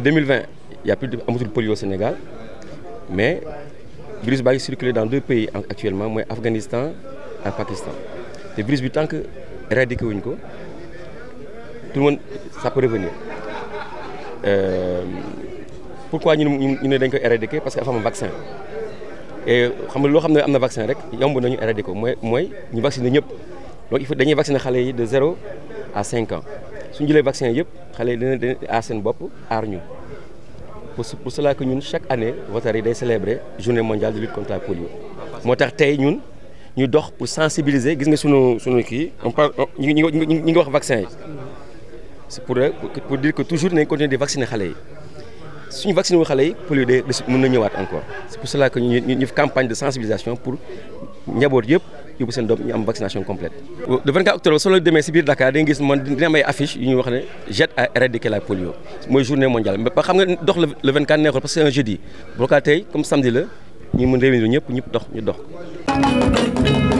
depuis 2020 y a plus de amatul polio Sénégal mais virus baa ngi circulé dans deux pays actuellement mooy Afghanistan ak Pakistan te virus bi tant que éradiqué wuñ ko tout le monde ça peut revenir euh, ñu ne dañ ko éradiquer parce que dafa am vaccin et xam nga loo xam ne am na vaccin rek yomb nañu éradiquer ko mooy mooy ñu vacciner ñëpp donc il faut dañuy vacciner xale yi de zéro à cinq suñ jëlee vaccin yëpp xale yi dina dina aar seen bopp aar ñu pour pour cela que ñun chaque année Watar yi day célébrer journée mondiale de lutte contre la polio moo tax tey ñun ñu dox pour sensibiliser gis nga sunu sunu kii on ñu ngi ñu ngi wax vaccin yi c'est pour pour dire que toujours nañ continuer di vacciner xale suñu vacciné wu xale yi polio day mën na ñëwaat encore c'est pour cela que ñu ñu campagne de sensibilisation pour njaboot yëpp. yóbbu seen doom ñu am vaccination complète le 24 octobre soo demee si biir Dakar da gis man dina am affiche yu ñuy wax ne j'aide à éradiquer la polio mooy journée mondiale mais ba xam nga dox le 24 neexul parce que c'est jeudi boo ko tey comme samedi la ñu mën réunir ñëpp ñëpp dox ñu dox